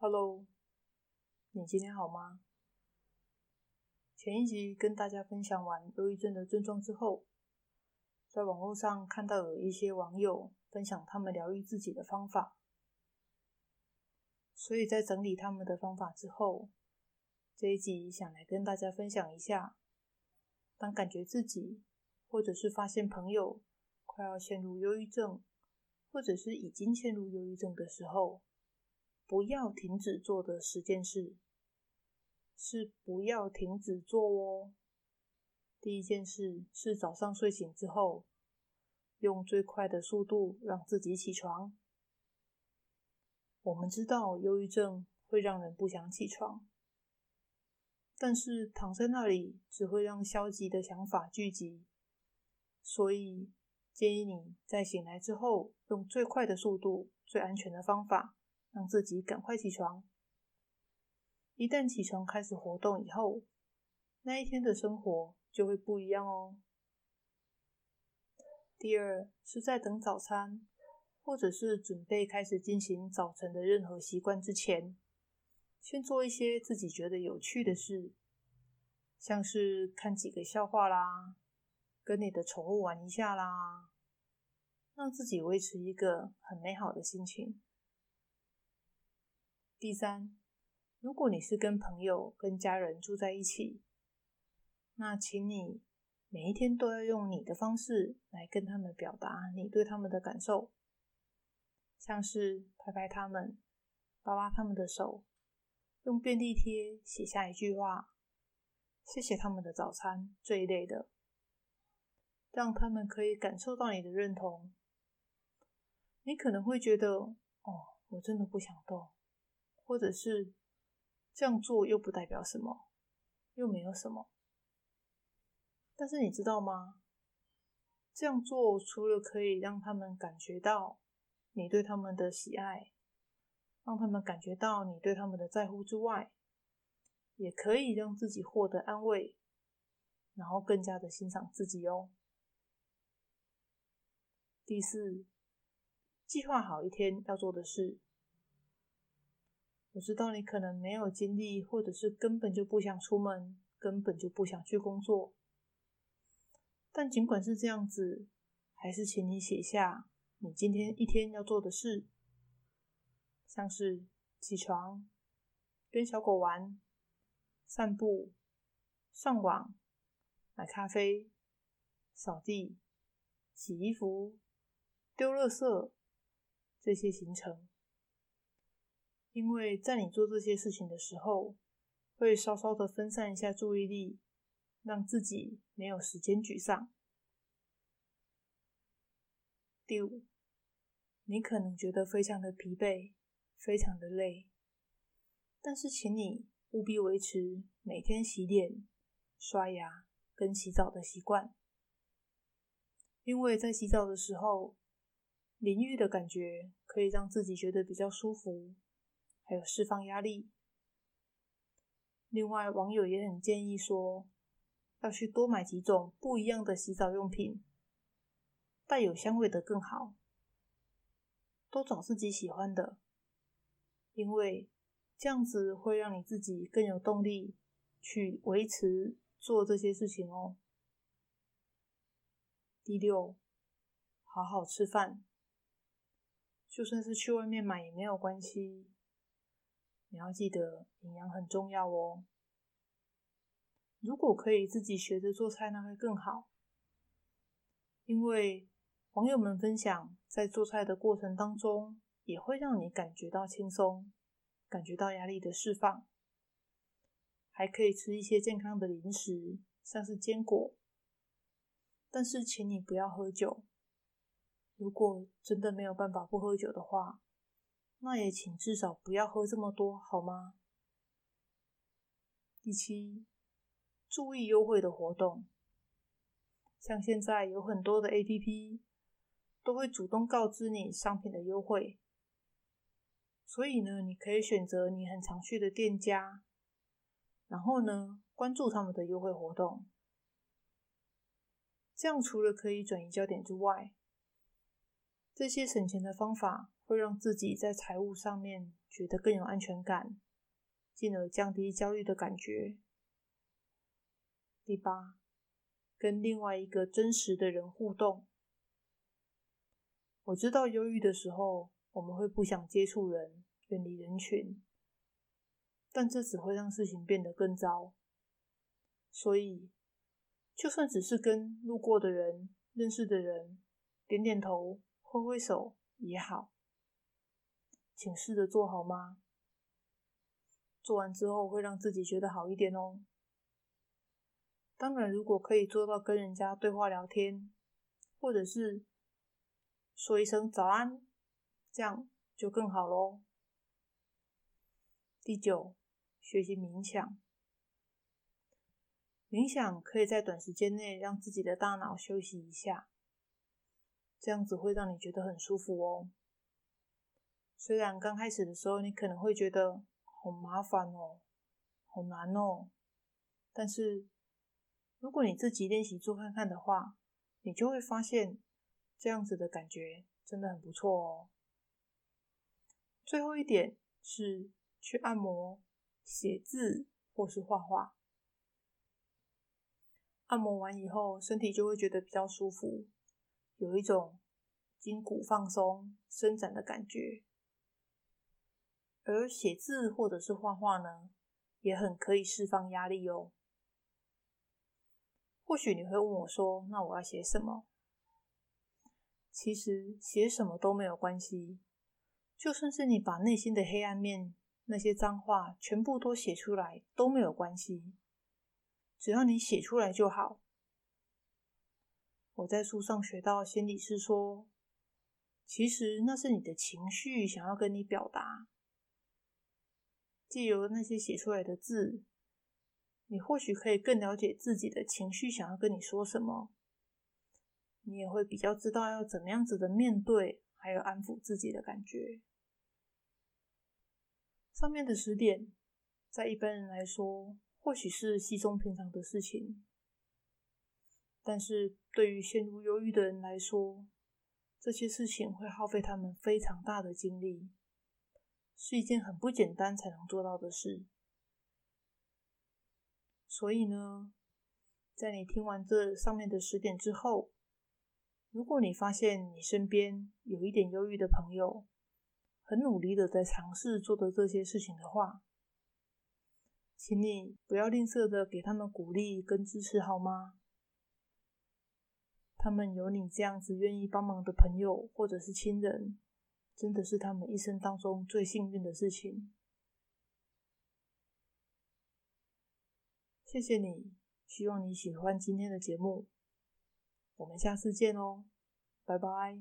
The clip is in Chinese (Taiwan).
Hello，你今天好嗎？前一集跟大家分享完憂鬱症的症狀之後，在網絡上看到有一些網友分享他們療癒自己的方法，所以在整理他們的方法之後，這一集想來跟大家分享一下，當感覺自己或者是發現朋友快要陷入憂鬱症，或者是已經陷入憂鬱症的時候。不要停止做的十件事，是不要停止做哦。第一件事是早上睡醒之後，用最快的速度讓自己起床。我們知道憂鬱症會讓人不想起床，但是躺在那裡只會讓消極的想法聚集，所以建議你在醒來之後用最快的速度、最安全的方法。讓自己趕快起床。一旦起床開始活動以後，那一天的生活就會不一樣哦。第二，是在等早餐，或者是準備開始進行早晨的任何習慣之前，先做一些自己覺得有趣的事，像是看幾個笑話啦，跟你的寵物玩一下啦，讓自己維持一個很美好的心情。第三，如果你是跟朋友、跟家人住在一起，那請你每一天都要用你的方式來跟他們表達你對他們的感受，像是拍拍他們、拉拉他們的手、用便利貼寫下一句話“謝謝他們的早餐”這一類的，讓他們可以感受到你的認同。你可能會覺得：“哦，我真的不想動。”或者是這樣做又不代表什麼。又沒有什麼。但是你知道嗎？這樣做除了可以讓他們感覺到你對他們的喜愛，讓他們感覺到你對他們的在乎之外，也可以讓自己獲得安慰，然後更加的欣賞自己哦。第四，計劃好一天要做的事。我知道你可能沒有精力，或者是根本就不想出門，根本就不想去工作。但儘管是這樣子，還是請你寫下你今天一天要做的事。像是起床、跟小狗玩、散步、上網、買咖啡、掃地、洗衣服、丟垃圾這些行程。因為在你做這些事情的時候，會稍稍的分散一下注意力，讓自己沒有時間沮喪。第五，你可能覺得非常的疲憊，非常的累，但是請你務必維持每天洗臉、刷牙跟洗澡的習慣。因為在洗澡的時候，淋浴的感覺可以讓自己覺得比較舒服。還有釋放壓力。另外，網友也很建議說，要去多買幾種不一樣的洗澡用品，帶有香味的更好，都找自己喜歡的，因為這樣子會讓你自己更有動力去維持做這些事情哦。第六，好好吃飯，就算是去外面買也沒有關係。你要記得，營養很重要哦。如果可以自己學着做菜，那會更好。因為網友們分享，在做菜的過程當中，也會讓你感覺到輕鬆，感覺到壓力的釋放。還可以吃一些健康的零食，像是堅果。但是，請你不要喝酒。如果真的沒有辦法不喝酒的話，那也請至少不要喝這麼多，好嗎？第七，注意優惠的活動，像現在有很多的 APP 都會主動告知你商品的優惠，所以呢，你可以選擇你很常去的店家，然後呢，關注他們的優惠活動，這樣除了可以轉移焦點之外，這些省錢的方法，會讓自己在財務上面覺得更有安全感，進而降低焦慮的感覺。第八，跟另外一個真實的人互動。我知道憂鬱的時候，我們會不想接觸人，遠離人群，但這只會讓事情變得更糟。所以，就算只是跟路過的人、認識的人點點頭、揮揮手也好。請試着做好嗎？做完之後會讓自己覺得好一點哦。當然，如果可以做到跟人家對話聊天，或者是說一聲早安，這樣就更好咯。第九，學習冥想。冥想可以在短時間內讓自己的大腦休息一下，這樣子會讓你覺得很舒服哦。雖然剛開始的時候你可能會覺得好麻煩哦、喔，好難哦、喔，但是如果你自己練習做看看的話，你就會發現這樣子的感覺真的很不錯哦。最後一點是去按摩、寫字或是畫畫。按摩完以後，身體就會覺得比較舒服，有一種筋骨放鬆、伸展的感覺。而寫字或者是畫畫呢，也很可以釋放壓力哦。或許你會問我說：“那我要寫什麼？”其實寫什麼都沒有關係，就算是你把內心的黑暗面、那些髒話全部都寫出來都沒有關係，只要你寫出來就好。我在書上學到心理師說，其實那是你的情緒想要跟你表達。藉由那些寫出來的字，你或許可以更了解自己的情緒，想要跟你說什麼。你也會比較知道要怎麼樣子的面對，還有安撫自己的感覺。上面的十點，在一般人來說，或許是稀鬆平常的事情，但是對於陷入憂鬱的人來說，這些事情會耗費他們非常大的精力，是一件很不簡單才能做到的事。所以呢，在你聽完這上面的十點之後，如果你發現你身邊有一點憂鬱的朋友，很努力的在嘗試做的這些事情的話，請你不要吝嗇的給他們鼓勵跟支持，好嗎？他們有你這樣子願意幫忙的朋友或者是親人，真的是他們一生當中最幸運的事情。謝謝你，希望你喜歡今天的節目。我們下次見哦，拜拜。